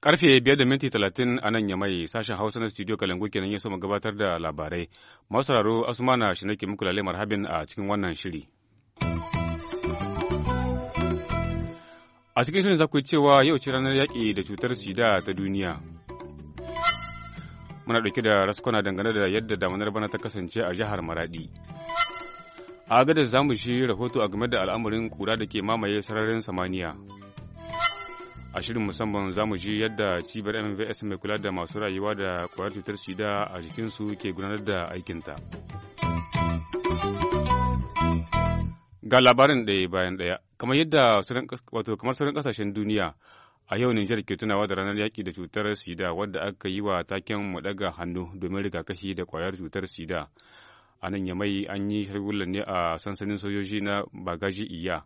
Karfe biyar da minti talatin a nan ya yamai sashen Hausa na studio Kalangu kenan ya so mu gabatar da labarai. Masu sauraro Asmana shi nake muku lalle marhabin a cikin wannan shiri. A cikin shirin za ku yi cewa yau ce ranar yaƙi da cutar sida ta duniya. muna ɗauke da raskuna dangane da yadda damanar bana ta kasance a jihar maradi a gada za mu shi rahoto a game da al'amarin kura da ke mamaye sararin samaniya a shirin musamman za mu ji yadda cibiyar mvs mai kula da masu rayuwa da kwayar cutar sida a jikinsu ke gudanar da aikinta ga labarin ɗaya bayan ɗaya kamar yadda wato kamar sauran ƙasashen duniya A yau Nijar ke tunawa da ranar yaƙi da cutar sida wadda aka yi wa taken mu daga hannu domin rigakafi da kwayar cutar sida. A nan Yamai an yi shagulan ne a sansanin sojoji na Bagaji Iya.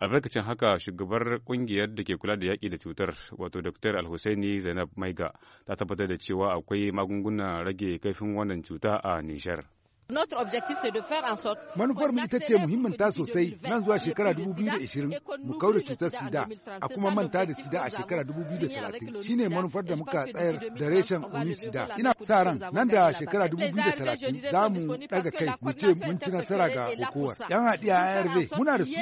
albarkacin haka shugabar kungiyar da ke kula da yaƙi da cutar wato dr alhussaini zainab maiga ta tabbatar da cewa akwai magungunan rage kaifin wannan cuta a nishar Manufar mu ita ce muhimminta sosai nan zuwa shekara 2020 mu da cutar sida a kuma manta da sida a shekara 2030 shine manufar da muka tsayar da reshen umi sida. Ina sa ran nan da shekara 2030 za mu daga kai mu ce mun ci nasara ga hukumar. Yan haɗiya ARV muna da su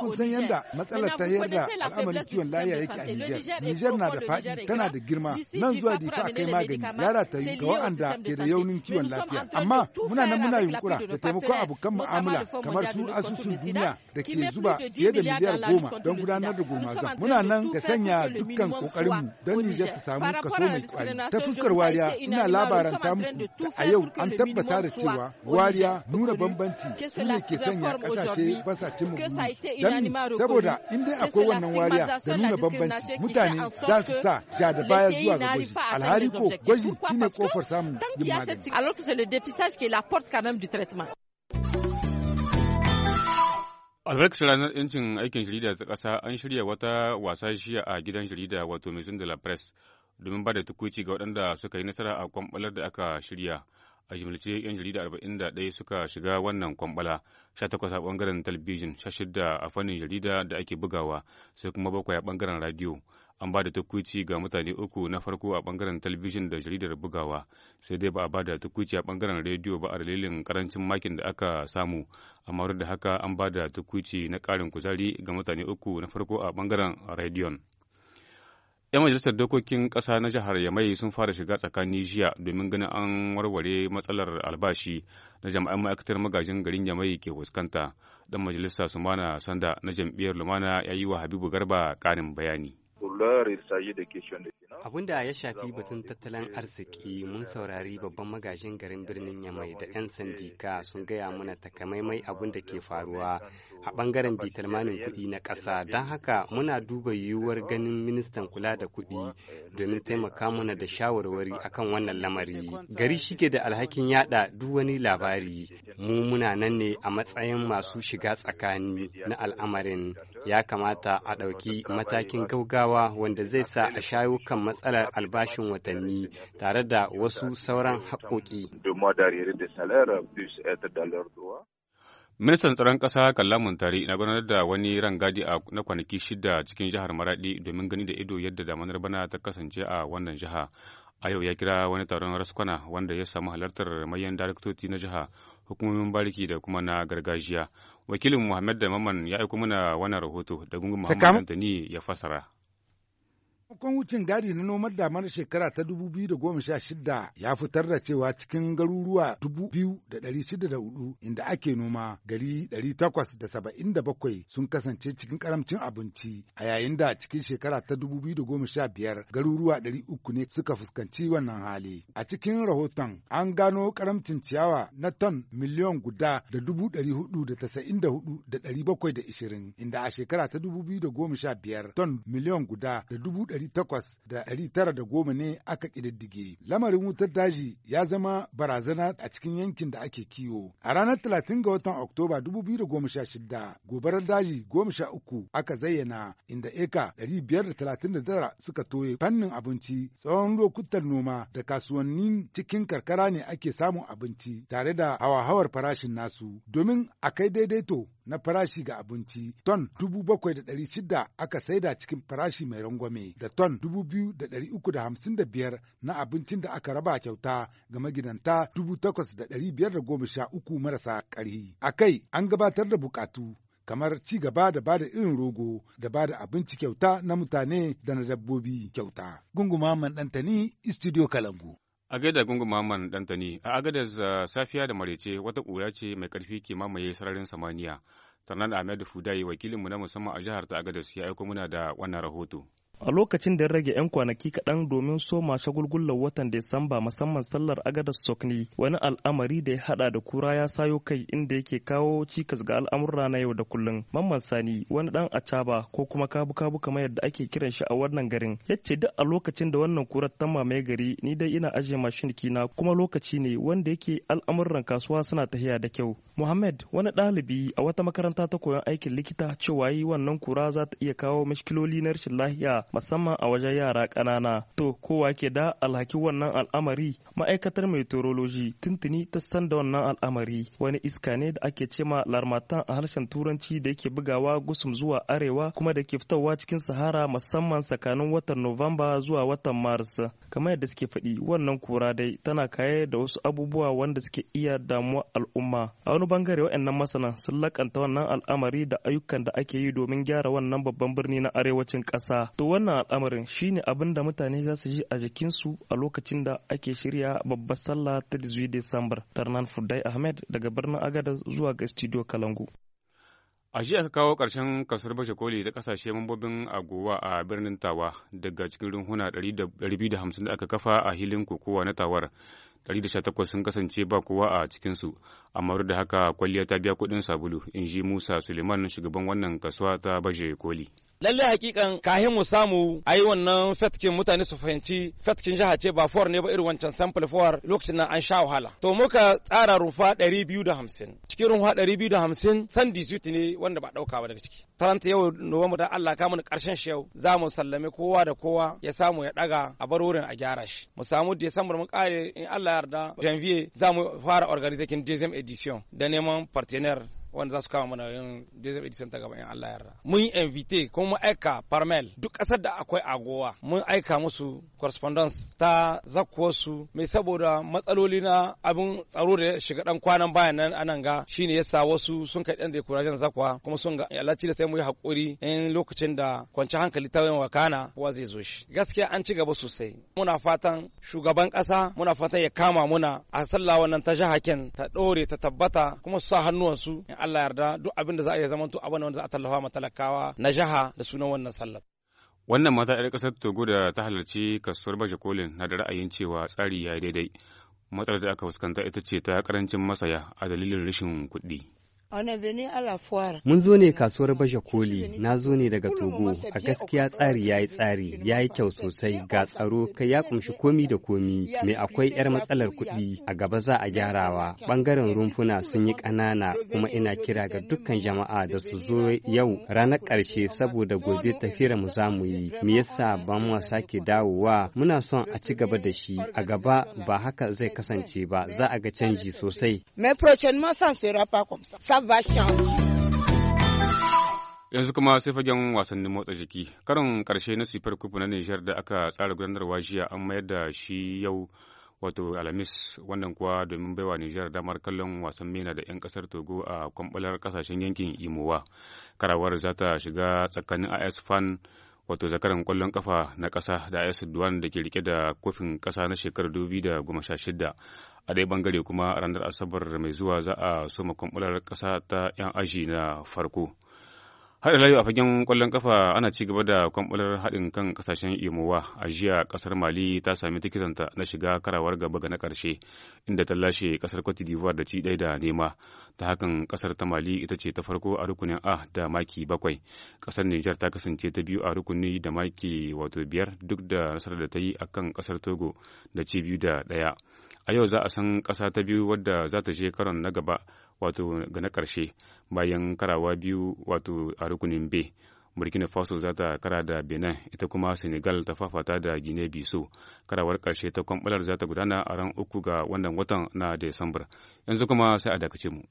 kun san yadda matsalar ta da al'amarin kiwon lafiya yake a Nijar. Nijar na da faɗi tana da girma nan zuwa difa kai magani tayi ga waɗanda ke da yaunin kiwon lafiya amma muna muna muna yunkura da taimakon abokan mu'amala kamar su asusun duniya da ke zuba fiye da miliyar goma don gudanar da gomaza. Muna nan da sanya dukkan kokarinmu don Nijar ta samu kaso mai kwari. Ta fuskar wariya ina ta muku a yau an tabbata da cewa wariya nuna bambanci su ne ke sanya kasashe basacin mu. Saboda in dai akwai wannan wariya da nuna bambanci mutane za su sa ja da baya zuwa ga gwaji. alhali ko gwaji shine kofar samun yin magani. apporte quand même du traitement. albarkacin ranar 'yancin aikin jarida ta ƙasa an shirya wata wasa jiya a gidan jarida wato mai de la domin ba da tukuci ga waɗanda suka yi nasara a kwamɓalar da aka shirya a jimilce 'yan jarida 41 suka shiga wannan kwamɓala 18 a ɓangaren talabijin 16 a fannin jarida da ake bugawa sai kuma bakwai a ɓangaren radiyo an ba da tukuci ga mutane uku na farko a bangaren talabijin da jaridar bugawa sai dai ba a ba da tukuci a bangaren rediyo ba a dalilin karancin makin da aka samu amma da haka an ba da tukuci na karin kuzari ga mutane uku na farko a bangaren rediyon. 'Yan majalisar dokokin ƙasa na jihar Yamai sun fara shiga tsakanin jiya domin ganin an warware matsalar albashi na jama'an ma'aikatar magajin garin Yamai ke fuskanta. Dan majalisa Sumana Sanda na jam'iyyar Lumana ya yi wa Habibu Garba karin bayani. il s'agit de questionner. Abin da ya shafi batun tattalin arziki mun saurari babban magajin garin birnin Yamai da 'yan sandika sun gaya mana takamaimai abin da ke faruwa a bangaren bitalmanin kuɗi na ƙasa don haka muna duba yiwuwar ganin ministan kula da kuɗi domin taimaka mana da shawarwari akan wannan lamari. Gari shige da alhakin yada duk wani labari mu muna nan ne a matsayin masu shiga tsakani na al'amarin ya kamata a ɗauki matakin gaugawa wanda zai sa a shayo kan matsalar albashin watanni tare da wasu sauran haƙoƙi. Ministan tsaron ƙasa Kallamun Tari na gudanar da wani rangadi na kwanaki shida cikin jihar Maradi domin gani da ido yadda damanar bana ta kasance a wannan jiha. A yau ya kira wani taron raskwana wanda ya samu halartar mayan daraktoci na jiha, hukumomin bariki da kuma na gargajiya. Wakilin Muhammad da Maman ya aiko mana wannan rahoto da gungun Muhammad Antani ya fasara. Sakamakon wucin gadi na nomar damar shekara ta 2016 ya fitar da cewa cikin garuruwa 2,604 inda ake noma gari 877 sun kasance cikin karamcin abinci a yayin da cikin shekara ta 2015 garuruwa 300 ne suka fuskanci wannan hali. A cikin rahoton an gano karamcin ciyawa na ton miliyon guda da 494,720 inda a shekara ta 2015 ton miliyon guda da ɗari da da goma ne aka kididdige Lamarin wutar daji ya zama barazana a cikin yankin da ake kiwo. A ranar talatin ga watan Oktoba dubu shida gobarar daji goma sha aka zayyana inda eka ɗari biyar da talatin da tara suka toye fannin abinci tsawon lokutan noma da kasuwannin cikin karkara ne ake samun abinci tare da hawahawar farashin nasu domin a kai daidaito na farashi ga abinci ton dubu bakwai da aka saida cikin farashi mai rangwame da da ton 2,355 na abincin da aka raba kyauta ga magidanta 8,513 marasa ƙarhi. A kai an gabatar da bukatu kamar ci gaba da ba da irin rogo da ba da abinci kyauta na mutane da na dabbobi kyauta. Gunguma Man dantani Studio Kalangu. A gaida gunguma Man Ɗantani, a agadar uh, safiya da marece wata ƙura ce mai ƙarfi ke mamaye sararin samaniya. Tarnan Ahmed Fudai wakilinmu na musamman a jihar ta Agadez ya aiko muna da wannan rahoto. a lokacin da ya rage 'yan kwanaki kaɗan domin soma shagulgullar watan Desamba musamman sallar agadar Sokni wani al'amari da ya haɗa da kura ya sayo kai inda yake kawo cikas ga al'amurra na yau da kullum. Mamman Sani wani dan acaba ko kuma kabu-kabu kamar yadda ake kiran shi a wannan garin ya ce duk a lokacin da wannan kurar ta mamaye gari ni dai ina ajiye mashin kina kuma lokaci ne wanda yake al'amuran kasuwa suna tahiya da kyau. Muhammad wani ɗalibi a wata makaranta ta koyon aikin likita cewa yi wannan kura za ta iya kawo mashkiloli na rashin lahiya musamman a wajen yara ƙanana to kowa ke da alhakin wannan al'amari ma'aikatar meteorology tuntuni ta san da wannan al'amari wani iska ne da ake cema larmatan a harshen turanci da yake bugawa gusum zuwa arewa kuma da ke fitowa cikin sahara musamman tsakanin watan nuwamba zuwa watan maris kamar yadda suke faɗi wannan kura dai tana kaye da wasu abubuwa wanda suke iya damuwa al'umma a wani bangare waɗannan masana sun lakanta wannan al'amari da ayyukan da ake yi domin gyara wannan babban birni na arewacin ƙasa to wannan al'amarin shine abin da mutane za su ji a jikinsu a lokacin da ake shirya babbar sallah ta 18 Desambar. Tarnan Fudai Ahmed daga birnin Agada zuwa ga Studio Kalangu. A shi aka kawo ƙarshen kasar bashe koli da ƙasashe mambobin agowa a birnin Tawa daga cikin runhuna 250 da aka kafa a hilin kokowa na Tawar. 118 sun kasance ba kowa a cikinsu, amma da haka kwalliya ta biya kuɗin sabulu, in ji Musa Suleiman shugaban wannan kasuwa ta bashe koli. lalle hakikan kahin mu samu ayi wannan fetkin mutane su fahimci fetkin jiha ce ba for ne ba irin wancan sample for lokacin nan an sha wahala to muka tsara rufa 250 cikin rufa 250 san suit ne wanda ba dauka ba daga ciki talanta yau nuwa da Allah ka karshen shi yau za mu sallame kowa da kowa ya samu ya daga a bar wurin a gyara shi mu samu December mu kare in Allah yarda janvier za mu fara organizing deuxième edition da neman partenaire wanda za su kama mana yin Joseph Edison ta gaban Allah yarda. Mun yi invite kuma mun aika parmel duk ƙasar da akwai agowa mun aika musu correspondence ta zakuwarsu mai saboda matsaloli na abin tsaro da ya shiga dan kwanan bayan nan anan ga shine yasa wasu sun kai dan da zakuwa kuma sun ga Allah da sai mu yi hakuri in lokacin da kwanci hankali ta yin wakana kowa zai zo shi. Gaskiya an ci gaba sosai. Muna fatan shugaban ƙasa muna fatan ya kama muna a sallah wannan ta jihaken ta ɗore ta tabbata kuma su sa hannuwansu in Allah yarda duk abin da za a iya zamanto abin wanda za a tallafa ma talakawa na jaha da sunan wannan sallar. Wannan mata 'yar ƙasar Togo da ta halarci kasuwar baje kolin na da ra'ayin cewa tsari ya daidai. Matsalar da aka fuskanta ita ce ta karancin masaya a dalilin rashin kuɗi. Mun zo ne kasuwar Baje Koli, na zo ne daga Togo, a gaskiya tsari ya yi tsari, ya yi kyau sosai ga tsaro kai ya kumshi komi da komi, mai akwai 'yar matsalar kuɗi a gaba za a gyarawa, ɓangaren rumfuna sun yi ƙanana kuma ina kira ga dukkan jama'a da su zo yau ranar ƙarshe saboda gobe tafiyar mu zamu yi, me yasa ba mu sake dawowa muna son a ci gaba da shi, a gaba ba haka zai kasance ba, za a ga canji sosai. yanzu kuma sai fagen wasannin motsa jiki karin karshe na sifar kufu na nijar da aka tsara gudanarwa jiya an mayar da shi yau wato alhamis wannan kuwa domin baiwa nijar damar kallon wasan mena da 'yan kasar togo a kwambalar kasashen yankin imowa karawar za ta shiga tsakanin as fan wato zakaran kwallon kafa na kasa da AS Duwan da ke rike da kofin ƙasa na shekarar 2016 a dai bangare kuma ranar asabar mai zuwa za a soma kwamfular kasa ta 'yan aji na farko haɗa layu a fagen kwallon kafa ana ci gaba da kwamfular haɗin kan ƙasashen imowa a jiya ƙasar mali ta sami tikitanta na shiga karawar gaba ga na ƙarshe inda ta lashe kasar cote d'ivoire da ci ɗaya da nema ta hakan kasar ta mali ita ce ta farko a rukunin a da maki bakwai kasar niger ta kasance ta biyu a rukuni da maki wato biyar duk da nasarar da ta yi akan kasar togo da ci biyu da ɗaya a yau za a san ƙasa ta biyu wadda za ta je karon na gaba wato ga na ƙarshe bayan karawa biyu wato a rukunin b burkina faso za ta kara da benin ita kuma senegal ta fafata da guinea biso karawar ƙarshe ta kwamɓalar za ta gudana a ran uku ga wannan watan na desambar yanzu kuma sai a dakace mu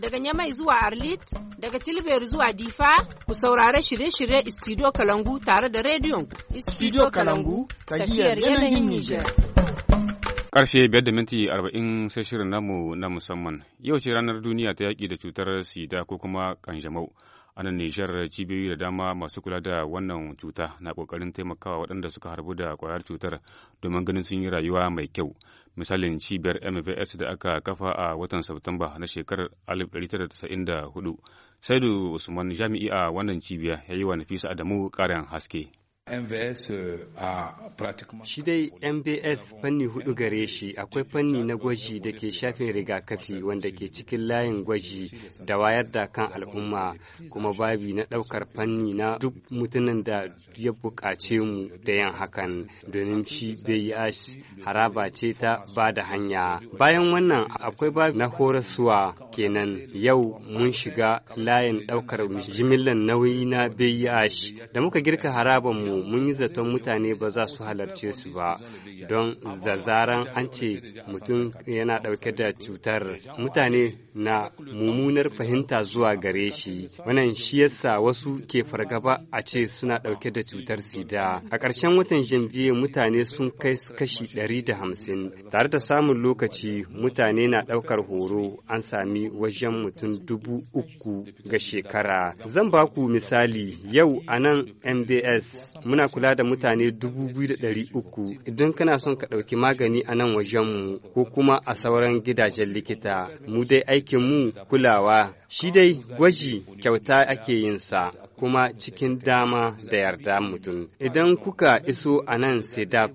daga Nyamai zuwa Arlit, daga Tilber zuwa Difa, ku saurare shirye-shirye Studio Kalangu tare da rediyon Studio Kalangu, tafiyar yanayin Nijar. karshe biyar da minti arba'in sai shirin namu na musamman. Yau ce ranar duniya ta yaƙi da cutar sida ko kuma kanjamau A nan Nijar cibiyoyi da dama masu kula da wannan cuta na ƙoƙarin taimakawa waɗanda suka harbu da ƙwayar cutar domin ganin sun yi rayuwa mai kyau. Misalin cibiyar MVS da aka kafa a watan Satumba na shekarar 1994. Saidu Usman Jami'i a wannan cibiya ya yi wa Nafisa Adamu ƙarin haske. MVS a pratiquement Shi dai mbs fanni hudu gare shi akwai fanni na gwaji da ke shafin rigakafi wanda ke cikin layin gwaji da wayar da kan al'umma kuma babi na daukar fanni na duk mutunan da ya buƙace mu da yan hakan domin shi BIS haraba ce ta ba da hanya. Bayan wannan akwai babi na horaswa kenan yau mun shiga layin daukar jimillan nauyi na BIS da muka girka haraban mu mun yi zaton mutane ba za su halarce su ba don da zaran an ce mutum yana ɗauke da cutar mutane na mummunar fahimta zuwa gare shi wannan shi yasa wasu ke fargaba a ce suna ɗauke da cutar sida a ƙarshen watan janvier mutane sun kai kashi ɗari da hamsin tare da samun lokaci mutane na ɗaukar horo an sami wajen mutum dubu uku ga shekara zan ba ku misali yau a nan mbs muna kula da mutane dubu biyu da ɗari uku idan kana son ka ɗauki magani a nan wajenmu ko kuma a sauran gidajen likita mu dai aikin mu kulawa shi dai gwaji kyauta ake yin sa kuma cikin dama da yarda mutum idan kuka iso a nan sedap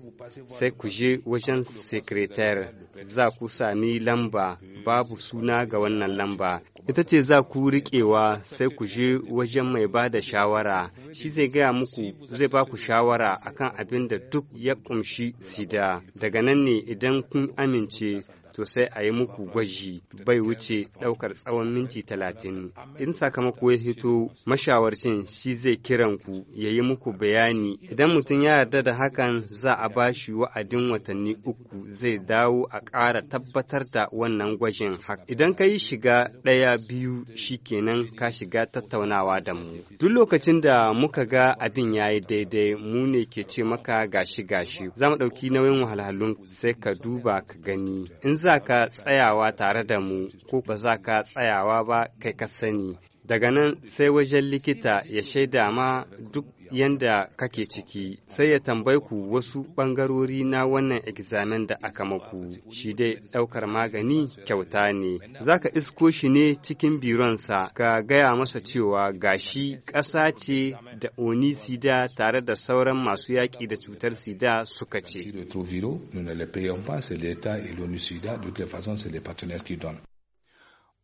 sai ku je wajen sekretar za ku sami lamba babu suna ga wannan lamba ita ce za ku riƙewa sai ku je wajen mai ba da shawara shi zai gaya muku zai ba ku shawara akan abin da duk ya ƙumshi sida daga nan ne idan kun amince to sai a yi muku gwaji bai wuce ɗaukar tsawon minti talatin. In sakamako ya hito mashawarcin shi zai kiran ku ya yi muku bayani idan mutum ya yarda da hakan za a ba shi wa'adin watanni uku zai dawo a ƙara tabbatar da wannan gwajin haka. Idan ka yi shiga ɗaya biyu shi kenan ka shiga tattaunawa da mu. Duk lokacin da muka ga abin ya yi daidai mu ne ke ce maka gashi gashi za mu ɗauki nauyin wahalhalun sai ka duba ka gani. In za ka tsayawa tare da mu ko ba za ka tsayawa ba kai ka sani daga nan sai wajen likita ya shaida ma duk yanda kake ciki sai ya tambayi ku wasu ɓangarori na wannan examen da aka maku shi dai ɗaukar magani kyauta ne za ka isko shi ne cikin bironsa ka gaya masa cewa gashi ƙasa ce da oni sida tare da sauran masu yaƙi da cutar sida suka ce.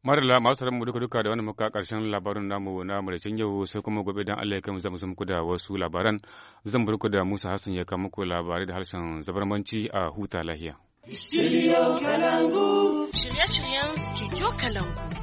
marala masu mu duka duka da wani muka karshen labarin namu na madashin yau sai kuma gobe dan Allah ya kai mu zamu muku da wasu labaran zan burku da Musa Hassan ya kawo muku labarai da harshen zabarmanci a huta lahiya. Studio Kalangu shirye-shiryen Studio Kalangu